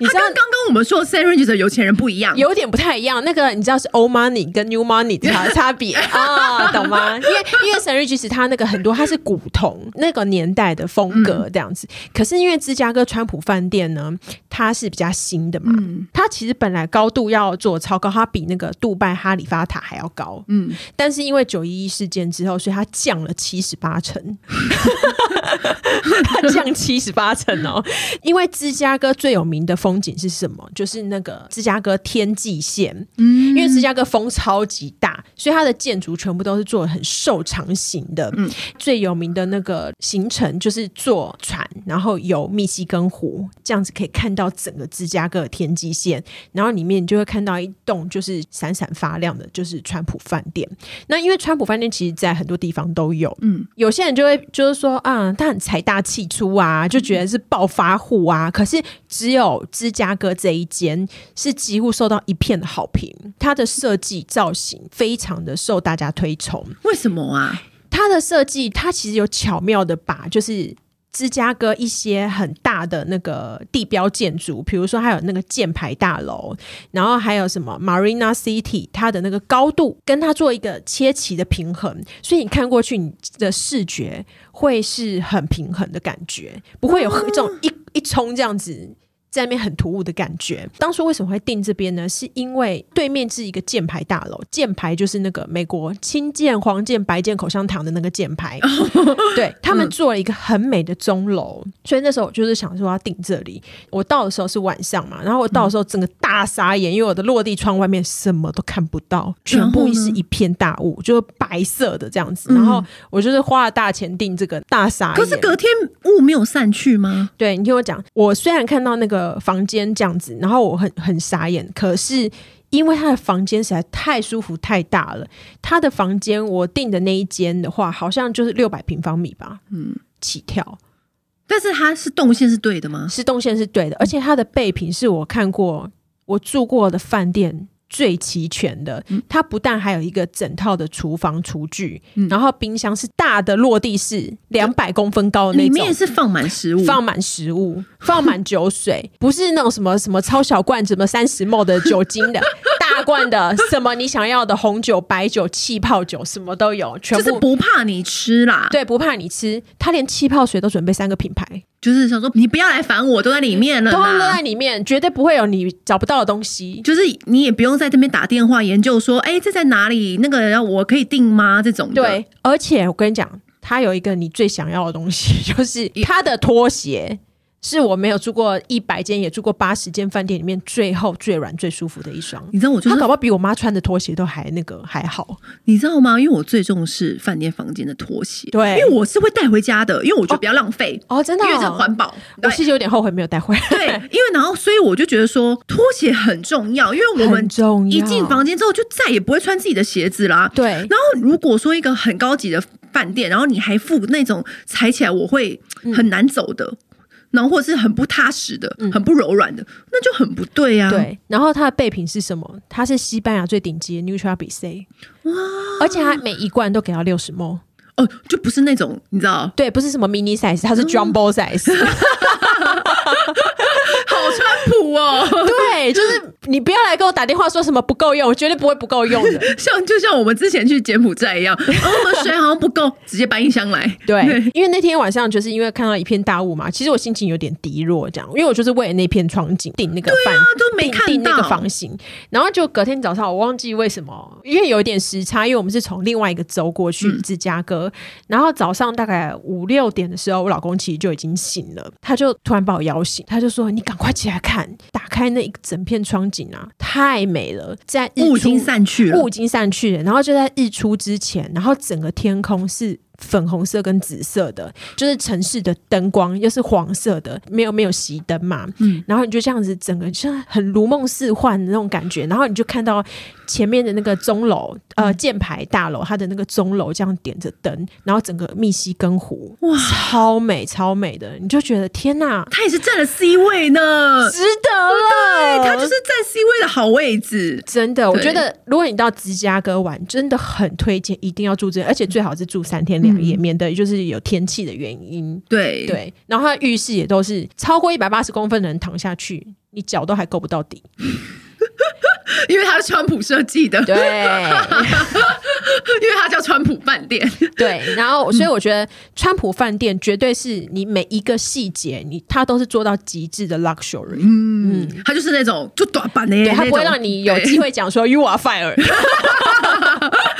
你知道，剛剛我們說 Serenity 的有錢人不一樣，有點不太一樣。那個你知道是 old money 跟 new money 差差別啊？懂嗎？因為因為 Serenity 其實他那個很多他是古董那個年代的風格這樣子，嗯、可是因為芝加哥川普飯店。呢，它是比較新的嘛。嗯，它其實本來高度要做超高，它比那個杜拜哈利法塔還要高。嗯，但是因為九一一事件之後，所以它降了七十八層。 [LAUGHS] 它降七十八層哦。 [LAUGHS] 因為芝加哥最有名的風景是什麼？就是那個芝加哥天際線。嗯，因為芝加哥風超級大，所以它的建築全部都是做很瘦長型的。嗯，最有名的那個行程就是坐船，然後遊密西根湖。這樣子可以看到整個芝加哥的天際線，然後裡面你就會看到一棟，就是閃閃發亮的，就是川普飯店。那因為川普飯店其實，在很多地方都有，嗯，有些人就會就是說，啊，他很財大氣粗啊，就覺得是暴發戶啊，嗯。可是只有芝加哥這一間是幾乎受到一片的好評，它的設計造型非常的受大家推崇。為什麼啊？它的設計，它其實有巧妙的把，就是。芝加哥一些很大的那個地標建築，比如說還有那個箭牌大樓，然後還有什麼 Marina City，它的那個高度跟它做一個切齊的平衡，所以你看過去你的視覺會是很平衡的感覺，不會有這種一一衝這樣子。在那邊很突兀的感覺。當初為什麼會訂這邊呢？是因為對面是一個箭牌大樓，箭牌就是那個美國青箭、黃箭、白箭口香糖的那個箭牌。 [LAUGHS] [LAUGHS] 對他們做了一個很美的鐘樓，所以那時候我就是想說要訂這裡。我到的時候是晚上嘛，然後我到的時候整個大傻眼，因為我的落地窗外面什麼都看不到，全部一是一片大霧，就是白色的這樣子。然後我就是花了大錢訂這個大傻眼。可是隔天霧沒有散去嗎？對你聽我講，我雖然看到那個。呃，房間這樣子，然後我很很傻眼，可是因為他的房間實在太舒服、太大了，他的房間我訂的那一間的話，好像就是六百平方米吧，嗯，起跳，但是他是動線是對的嗎？是動線是對的，而且他的備品是我看過我住過的飯店，最齊全的，它不但還有一個整套的廚房廚具、嗯，然後冰箱是大的落地式，兩百公分高的那種，裡、啊、面是放滿食物，放滿食物，放滿酒水， [LAUGHS] 不是那種什麼什麼超小罐，什麼三十模 30ml 的酒精的。 [LAUGHS] 大罐的什麼你想要的紅酒、白酒、氣泡酒什麼都有，全部是不怕你吃啦。對，不怕你吃，他連氣泡水都準備三個品牌，就是想說你不要來煩我，都在裡面了，都在裡面，絕對不會有你找不到的東西。就是你也不用在這邊打電話研究說，哎、欸，這在哪裡？那個要我可以訂嗎？這種對。而且我跟你講，他有一個你最想要的東西，就是他的拖鞋。是我沒有住過一百間，也住過八十間飯店裡面最厚、最軟、最舒服的一雙。你知道我、就是，他搞不好比我媽穿的拖鞋都還那個還好，你知道嗎？因為我最重視飯店房間的拖鞋，對，因為我是會帶回家的，因為我覺得比較浪費哦，哦，真的、哦，因為這環保。我是有點後悔沒有帶回來，對，因為然後所以我就覺得說拖鞋很重要，因為我們一進房間之後就再也不會穿自己的鞋子啦。對，然後如果說一個很高級的飯店，然後你還附那種踩起來我會很難走的。嗯然後或是很不踏實的，嗯、很不柔軟的，那就很不對呀、啊。對，然後它的備品是什麼？它是西班牙最頂級的 Natura Bissé，哇！而且它每一罐都給到六十 ml 哦，就不是那種你知道？對，不是什麼 mini size，它是 jumbo size。嗯 [LAUGHS] [LAUGHS] 哇、wow，對，就是你不要來跟我打電話說什麼不夠用，我絕對不會不夠用的。像 [LAUGHS] 就像我們之前去柬埔寨一樣，我、哦、們水好像不夠，直接搬一箱來。對。對，因為那天晚上就是因為看到一片大霧嘛，其實我心情有點低落，這樣，因為我就是為了那片窗景訂那個房、啊，都沒看到訂那個房型。然後就隔天早上，我忘記為什麼，因為有一點時差，因為我們是從另外一個州過去、嗯、芝加哥。然後早上大概五六點的時候，我老公其實就已經醒了，他就突然把我搖醒，他就說：“你趕快起來看。”打開那一整片窗景啊，太美了！在霧已經散去了，霧已經散去了，然後就在日出之前，然後整個天空是粉紅色跟紫色的，就是城市的燈光，又是黃色的，沒有沒有熄燈嘛。嗯，然後你就這樣子，整個像很如夢似幻的那種感覺。然後你就看到前面的那個鐘樓，呃，箭牌大樓，它的那個鐘樓這樣點着燈，然後整個密西根湖，哇，超美超美的，你就覺得天哪、啊，它也是占了 C 位呢，值得了。對，它就是占 C 位的好位置，真的。我覺得如果你到芝加哥玩，真的很推薦，一定要住這，而且最好是住三天。兩頁，免得就是有天氣的原因。對對，然後他的浴室也都是超過一百八十公分的人躺下去，你腳都還夠不到底。因為他是川普設計的，對， [LAUGHS] 因為他叫川普飯店。對，然後所以我覺得川普飯店絕對是你每一個細節，你他都是做到極致的 luxury。嗯，嗯，他就是那種做短板的，他不會讓你有機會講說 you are fire。 [LAUGHS]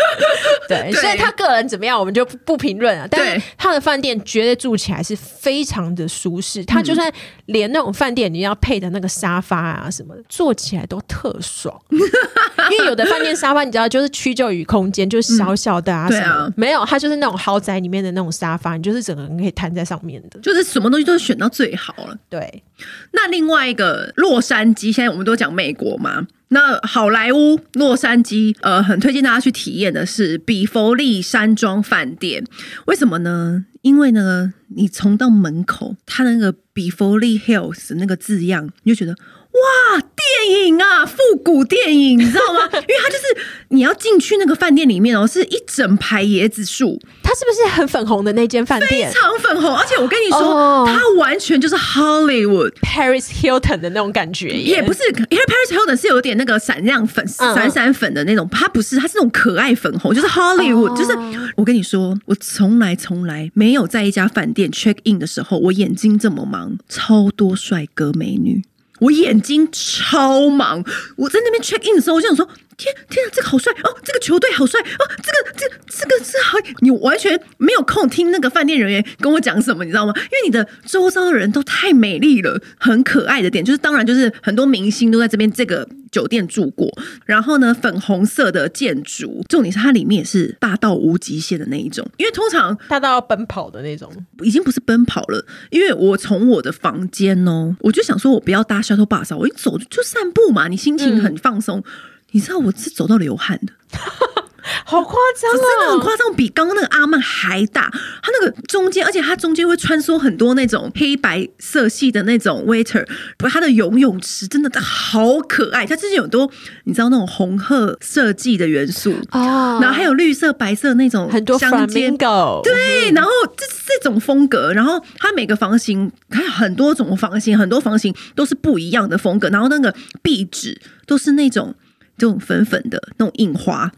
[LAUGHS] 對，對，所以他個人怎麼樣，我們就不評論了。但是他的飯店絕對住起來是非常的舒適，他就算連那種飯店你要配的那個沙發啊什麼的，嗯，坐起來都特爽。 [LAUGHS] 因為有的飯店沙發你知道就是屈就於空間，就是小小的啊什麼的。嗯，對啊，沒有，它就是那種豪宅裡面的那種沙發，你就是整個人可以癱在上面的，就是什麼東西都選到最好了。嗯、對，那另外一個洛杉磯，現在我們都講美國嘛。那好萊塢洛杉磯，呃，很推薦大家去體驗的是比佛利山莊飯店，為什麼呢？因為呢，你從到門口，它的那個比佛利 Hills 那個字樣，你就覺得。哇，電影啊，復古電影，你知道嗎？ [LAUGHS] 因為它就是你要進去那個飯店裡面哦、喔，是一整排椰子樹。它是不是很粉紅的那間飯店？非常粉紅，而且我跟你說，oh. 它完全就是 Hollywood。Paris Hilton 的那種感覺。也、yeah, 不是，因為 Paris Hilton 是有點那個閃亮粉、閃、uh. 閃粉的那種，它不是，它是那種可愛粉紅，就是 Hollywood、oh.。就是我跟你說，我從來從來沒有在一家飯店 check in 的時候，我眼睛這麼忙，超多帥哥美女。我眼睛超忙，我在那邊 check in 的時候，我就想說。天啊，天啊，這個好帥哦！這個球隊好帥哦！這個，這，這個是好，你完全沒有空聽那個飯店人員跟我講什麼，你知道嗎？因為你的周遭的人都太美麗了，很可愛的點就是，當然就是很多明星都在這邊這個酒店住過。然後呢，粉紅色的建築，重點是它裡面也是大到無極限的那一種，因為通常大到要奔跑的那種，已經不是奔跑了。因為我從我的房間哦，我就想說我不要搭 shuttle bus，我一走就散步嘛，你心情很放鬆。嗯你知道我是走到流汗的。 [LAUGHS] 好誇張啊！真的，很誇張，比剛剛那個阿曼還大。它那個中間，而且它中間會穿梭很多那種黑白色系的那種 waiter。不它的游泳池真的好可愛，它之前有多，你知道那種紅褐色系的元素哦，oh, 然後還有綠色白色那種香很多香間狗對，然後這這種風格，然後它每個房型，它有很多種房型，很多房型都是不一樣的風格。然後那個壁紙都是那種。這種粉粉的那種印花，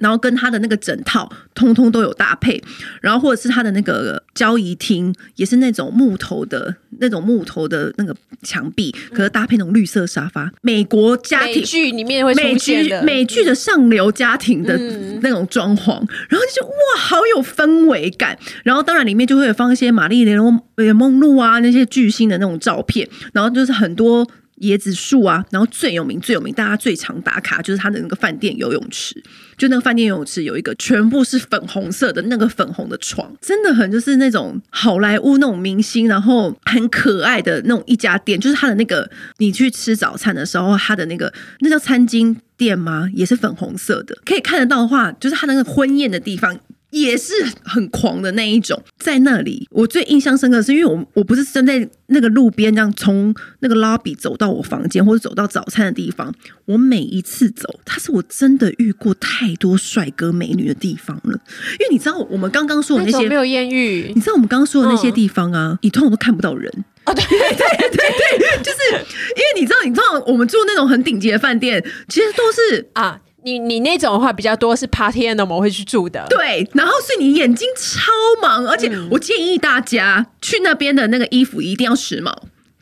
然後跟他的那個枕套通通都有搭配，然後或者是他的那個交誼廳，也是那種木頭的那種木頭的那個牆壁，可是搭配那種綠色沙發。嗯、美國家庭劇裡面會出現美劇、美劇的上流家庭的那種裝潢，嗯，然後就哇，好有氛圍感。然後當然裡面就會放一些瑪麗蓮夢夢露啊那些巨星的那種照片，然後就是很多。椰子樹啊，然後最有名、最有名，大家最常打卡就是它的那個飯店游泳池，就那個飯店游泳池有一個全部是粉紅色的那個粉紅的床，真的很就是那種好萊塢那種明星，然後很可愛的那種一家店，就是它的那個你去吃早餐的時候，它的那個那叫餐巾店嗎？也是粉紅色的，可以看得到的話，就是它那個婚宴的地方。也是很狂的那一種，在那裡我最印象深刻的是，因為我我不是站在那個路邊這樣從那個 lobby 走到我房間或者走到早餐的地方，我每一次走，它是我真的遇過太多帥哥美女的地方了。因為你知道，我們剛剛說的那些那沒有豔遇，你知道我們剛剛說的那些地方啊、哦，你通常都看不到人哦。對對對， [LAUGHS] 對對對，就是因為你知道，你知道我們住那種很頂級的飯店，其實都是啊。你你那種的話比較多是 party animal 我們會去住的。對，然後是你眼睛超忙，而且我建議大家、嗯、去那邊的那個衣服一定要時髦，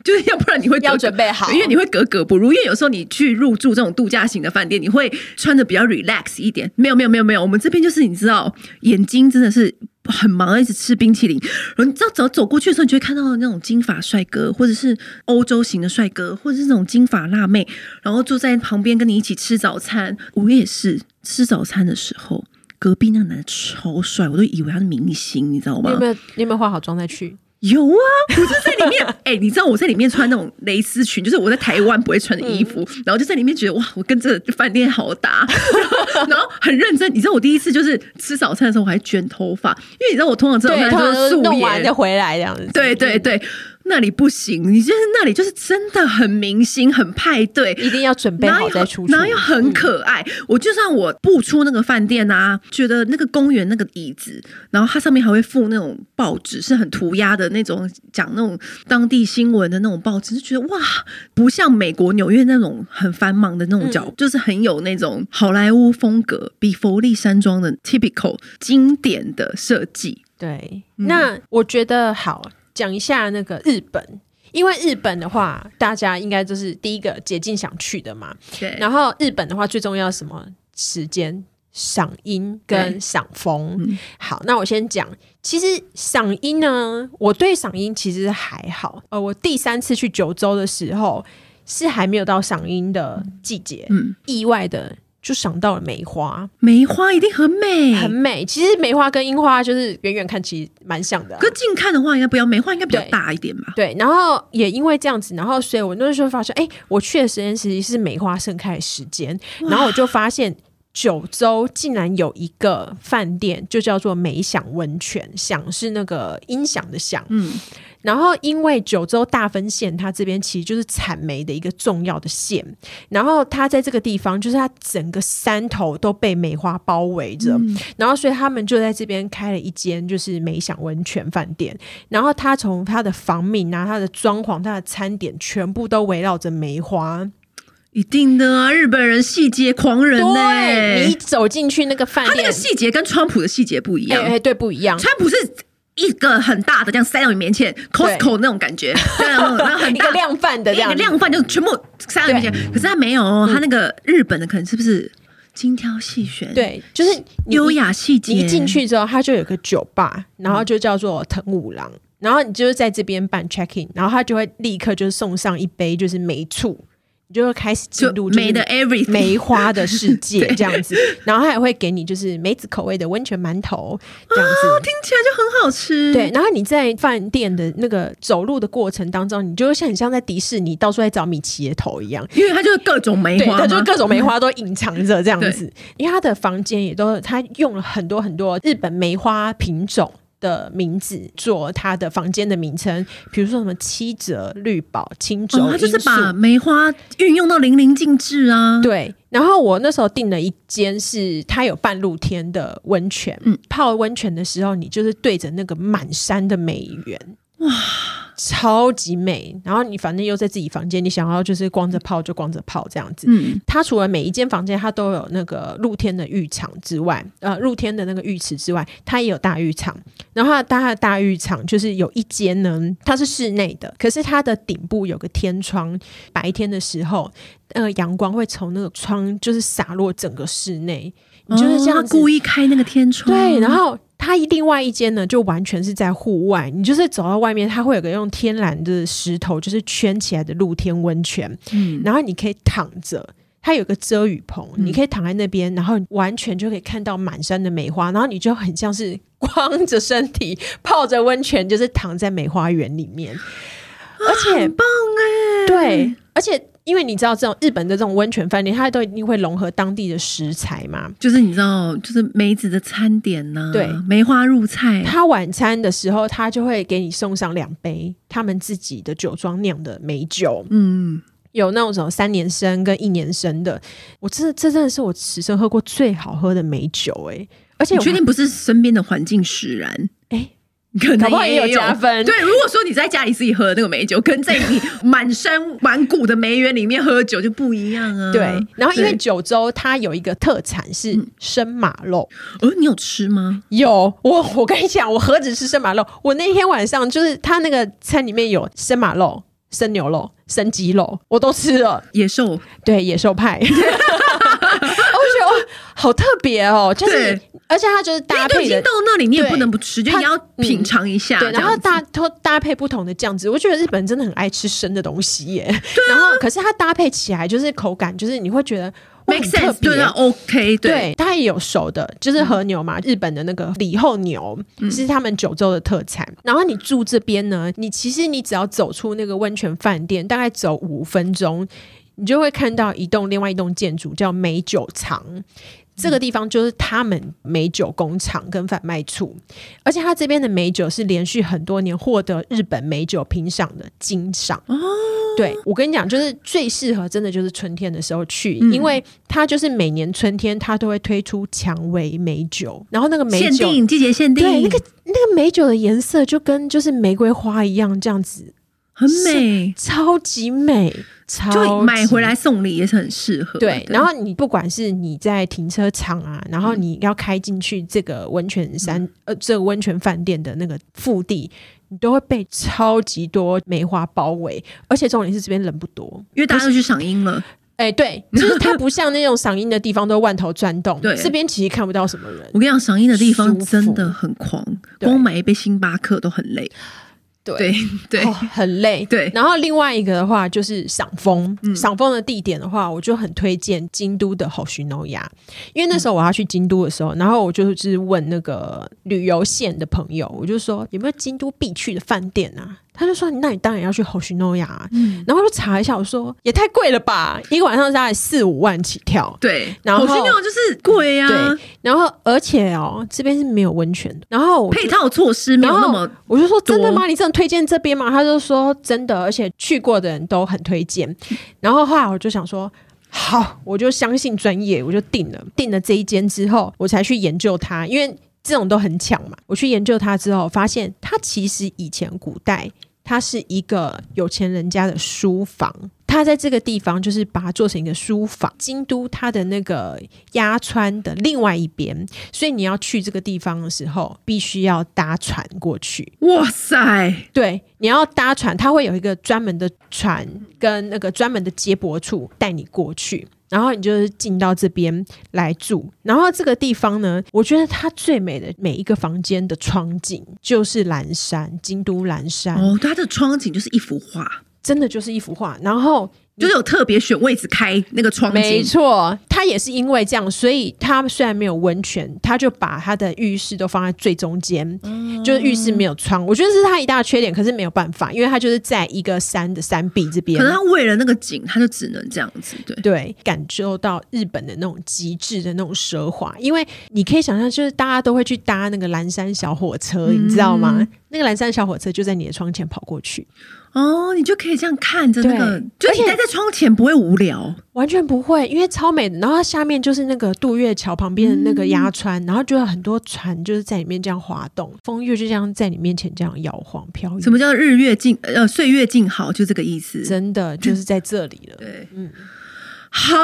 就是要不然你會格格要準備好，因為你會格格不入。因為有時候你去入住這種度假型的飯店，你會穿得比較 relax 一點。沒有沒有沒有沒有，我們這邊就是你知道，眼睛真的是。很忙，一直吃冰淇淋。然後你知道，只要走過去的時候，你就會看到那種金髮帥哥，或者是歐洲型的帥哥，或者是那種金髮辣妹，然後坐在旁邊跟你一起吃早餐。我也是吃早餐的時候，隔壁那個男的超帥，我都以為他是明星，你知道嗎？你有沒有？你有沒有化好妝再去？有啊，我就在裡面。哎、 [LAUGHS] 欸，你知道我在裡面穿那種蕾絲裙，就是我在台灣不會穿的衣服，嗯，然後就在裡面覺得哇，我跟這飯店好搭 [LAUGHS] 然後，然後很認真。你知道我第一次就是吃早餐的時候，我還捲頭髮，因為你知道我通常吃早餐都是素顏，弄完再回來這樣子。對對對。嗯那裡不行，你就是那裡，就是真的很明星，很派對，一定要準備好再出、出。然後又很可愛，我就算我不出那個飯店啊，覺得那個公園那個椅子，然後它上面還會附那種報紙，是很塗鴉的那種，講那種當地新聞的那種報紙，就覺得哇，不像美國紐約那種很繁忙的那種腳，嗯、就是很有那種好萊塢風格，比佛利山莊的 typical 經典的設計。對、嗯，那我覺得好。講一下那個日本，因為日本的話，大家應該就是第一個解禁想去的嘛。對。然後日本的話，最重要是什麼？時間、賞櫻跟賞楓、嗯。好，那我先講。其實賞櫻呢，我對賞櫻其實還好。呃，我第三次去九州的時候，是還沒有到賞櫻的季節。嗯。意外的。就想到了梅花，梅花一定很美，很美。其實梅花跟櫻花就是遠遠看其實蠻像的，啊，可近看的話應該不要，梅花應該比較大一點嘛。對，然後也因為這樣子，然後所以我那時候發現，哎、欸，我去的時間其實是梅花盛開的時間，然後我就發現。九州竟然有一個飯店，就叫做“梅響溫泉”，“響”是那個音響的“響”，嗯，然後因為九州大分縣，它這邊其實就是產煤的一個重要的縣，然後它在這個地方，就是它整個山頭都被梅花包圍着，嗯，然後所以他們就在這邊開了一間就是梅響溫泉飯店，然後它從它的房名啊、它的裝潢、它的餐點，全部都圍繞着梅花。一定的啊，日本人細節狂人呢、欸。你走進去那個飯，他那個細節跟川普的細節不一樣。哎、欸，對，不一樣。川普是一個很大的這樣塞到你面前，Costco 那種感覺。然後， [LAUGHS] 然後很大一個量販的這樣，量販就全部塞到你面前。可是他沒有、嗯，他那個日本的可能是不是精挑細選？對，就是優雅細節。一進去之後，他就有個酒吧，然後就叫做藤五郎、嗯，然後你就是在這邊辦 check in，然後他就會立刻就是送上一杯就是梅醋。你就會開始進入梅的 every 梅花的世界這樣子，然後他也會給你就是梅子口味的溫泉饅頭這樣子。聽起來就很好吃。對，然後你在飯店的那個走路的過程當中，你就會很像在迪士尼到處在找米奇的頭一樣，因為它就是各種梅花，它就是各種梅花都隱藏着這樣子。因為它的房間也都，它用了很多很多日本梅花品種的名字做他的房間的名稱，比如說什麼七折綠寶青州、哦，他就是把梅花運用到淋漓盡致啊。對，然後我那時候訂了一間，是它有半露天的溫泉，嗯，泡溫泉的時候你就是對着那個滿山的梅園，哇。超級美，然後你反正又在自己房間，你想要就是光着泡就光着泡這樣子。嗯。它除了每一間房間它都有那個露天的浴場之外，呃，露天的那個浴池之外，它也有大浴場。然後它的大，大浴場就是有一間呢，它是室內的，可是它的頂部有個天窗，白天的時候，那個，呃，陽光會從那個窗就是灑落整個室內，你就是這樣，哦，故意開那個天窗，對，然後。它一另外一間呢，就完全是在戶外，你就是走到外面，它會有一個用天然的石頭就是圈起來的露天溫泉，嗯，然後你可以躺着，它有一個遮雨棚，嗯，你可以躺在那邊，然後完全就可以看到滿山的梅花，然後你就很像是光着身體泡着溫泉，就是躺在梅花園裡面，而且、啊、很棒啊、欸！對，而且。因為你知道，這種日本的這種溫泉飯店，它都一定會融合當地的食材嘛。就是你知道，就是梅子的餐點呢，對，梅花入菜、啊。他晚餐的時候，他就會給你送上兩杯他們自己的酒莊釀的梅酒。嗯，有那種什麼三年生跟一年生的，我這這真的是我此生喝過最好喝的梅酒哎、欸！而且我確定不是身邊的環境使然哎。欸可能，可能也有加分。對，如果說你在家裡自己喝的那個梅酒，跟在你滿山滿谷的梅園裡面喝的酒就不一樣啊。 [LAUGHS] 對，然後因為九州它有一個特產是生馬肉，呃、嗯哦，你有吃嗎？有，我我跟你講，我何止是生馬肉，我那天晚上就是它那個餐裡面有生馬肉、生牛肉、生雞肉，我都吃了。野獸。對，野獸派。 [LAUGHS] 好特別哦，就是而且它就是搭配。你已經到那裡，你也不能不吃，就你要品嘗一下，嗯，對。然後搭搭配不同的醬汁，我覺得日本人真的很愛吃生的東西耶對、啊。然後，可是它搭配起來就是口感，就是你會覺得很特別。啊、o、okay, k 對,對，它也有熟的，就是和牛嘛，嗯、日本的那個李後牛，嗯、是他們九州的特產。然後你住這邊呢，你其實你只要走出那個溫泉飯店，大概走五分鐘，你就會看到一棟另外一棟建築，叫美酒藏。這個地方就是他們美酒工廠跟販賣處，而且他這邊的美酒是連續很多年獲得日本美酒評賞的金賞。哦，對我跟你講，就是最適合真的就是春天的時候去，嗯、因為它就是每年春天它都會推出薔薇美酒，然後那個美酒限定、季節限定，對，那個那個美酒的顏色就跟就是玫瑰花一樣這樣子。很美，超級美，超級美，就買回來送禮也是很適合，啊對。對，然後你不管是你在停車場啊，然後你要開進去這個溫泉山、嗯，呃，這個溫泉飯店的那個腹地，你都會被超級多梅花包圍。而且重點是這邊人不多，因為大家都去賞櫻了。哎，欸、對，就是它不像那種賞櫻的地方都萬頭攢動，對， [LAUGHS] 這邊其實看不到什麼人。我跟你講，賞櫻的地方真的很狂，光買一杯星巴克都很累。對對、哦，很累。對，然後另外一個的話就是賞楓，嗯、賞楓的地點的話，我就很推薦京都的 Hoshinoya，因為那時候我要去京都的時候，嗯、然後我就,就是問那個旅遊線的朋友，我就說有沒有京都必去的飯店啊？他就說，你那你當然要去 Hoshinoya。嗯，然後我就查一下，我說也太貴了吧，一個晚上大概四五萬起跳。對，然後、Hoshino、就是貴呀、啊。然後，而且哦，這邊是沒有溫泉的。然後配套措施沒有那麼，我就說真的嗎？你這樣推薦這邊嗎？他就說真的，而且去過的人都很推薦。嗯。然後後來我就想說，好，我就相信專業，我就定了。定了這一間之後，我才去研究它，因為這種都很搶嘛。我去研究它之後，發現它其實以前古代它是一個有錢人家的書房。它在這個地方，就是把它做成一個書房。京都它的那個鴨川的另外一邊，所以你要去這個地方的時候，必須要搭船過去。哇塞！對，你要搭船，它會有一個專門的船跟那個專門的接駁處帶你過去，然後你就是進到這邊來住。然後這個地方呢，我覺得它最美的每一個房間的窗景就是嵐山，京都嵐山。哦，它的窗景就是一幅畫。真的就是一幅畫，然後就是有特別選位置開那個窗。沒錯，他也是因為這樣，所以他雖然沒有溫泉，他就把他的浴室都放在最中間，嗯、就是浴室沒有窗，我覺得這是他一大缺點，可是沒有辦法，因為他就是在一個山的山壁這邊，可能他為了那個景，他就只能這樣子，對對，感受到日本的那種極致的那種奢華，因為你可以想象，就是大家都會去搭那個嵐山小火車、嗯，你知道嗎？那個嵐山小火車就在你的窗前跑過去。哦，你就可以這樣看，那個，真的，就且待在窗前不會無聊，完全不會，因為超美的。然後下面就是那個渡月橋旁邊的那個鴨川，嗯，然後就有很多船就是在裡面這樣滑動，風月就這樣在你面前這樣搖晃飄。什麼叫日月靜呃歲月靜好？就這個意思，真的就是在這裡了，嗯。對，嗯，好，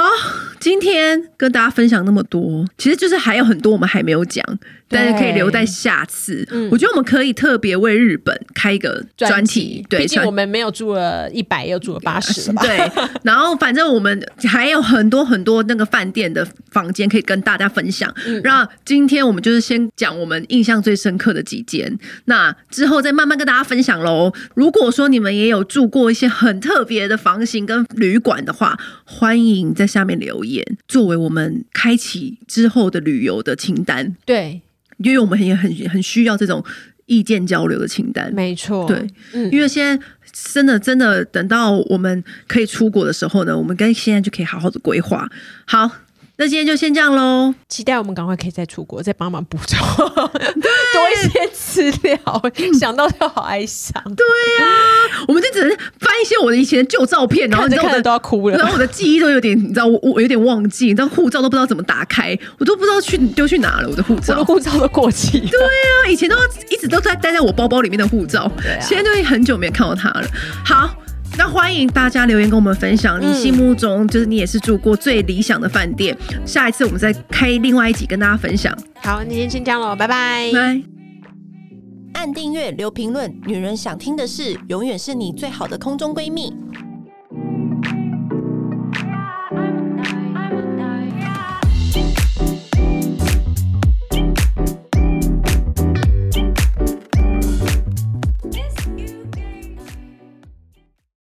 今天跟大家分享那麼多，其實就是還有很多我們還沒有講。但是可以留在下次。嗯，我覺得我們可以特別為日本開一個專題、嗯。對，因為我們沒有住了一百，又住了八十。對。然後，反正我們還有很多很多那個飯店的房間可以跟大家分享。那、嗯、今天我們就是先講我們印象最深刻的幾間，那之後再慢慢跟大家分享嘍。如果說你們也有住過一些很特別的房型跟旅館的話，歡迎在下面留言，作為我們開啟之後的旅遊的清單。對。因為我們也很很需要這種意見交流的清單，沒錯，對、嗯，因為現在真的真的等到我們可以出國的時候呢，我們跟現在就可以好好的規劃，好。那今天就先這樣嘍，期待我們趕快可以再出國，再幫忙補充 [LAUGHS] 多一些資料，嗯。想到就好哀傷，對呀、啊、我們就只能翻一些我的以前舊照片，然後你看著看著，都要哭了，然後我的記憶都有點，你知道我我有點忘記，你知道護照都不知道怎麼打開，我都不知道去丟去哪了，我的護照，我的護照都過期，對呀、啊、以前都一直都在待在我包包裡面的護照，對、啊，現在都已經很久沒有看到它了。好。那歡迎大家留言跟我們分享，你心目中就是你也是住過最理想的飯店、嗯。下一次我們再開另外一集跟大家分享。好，今天先這樣嘍，拜拜。拜。按訂閱，留評論，女人想聽的事，永遠是你最好的空中閨蜜。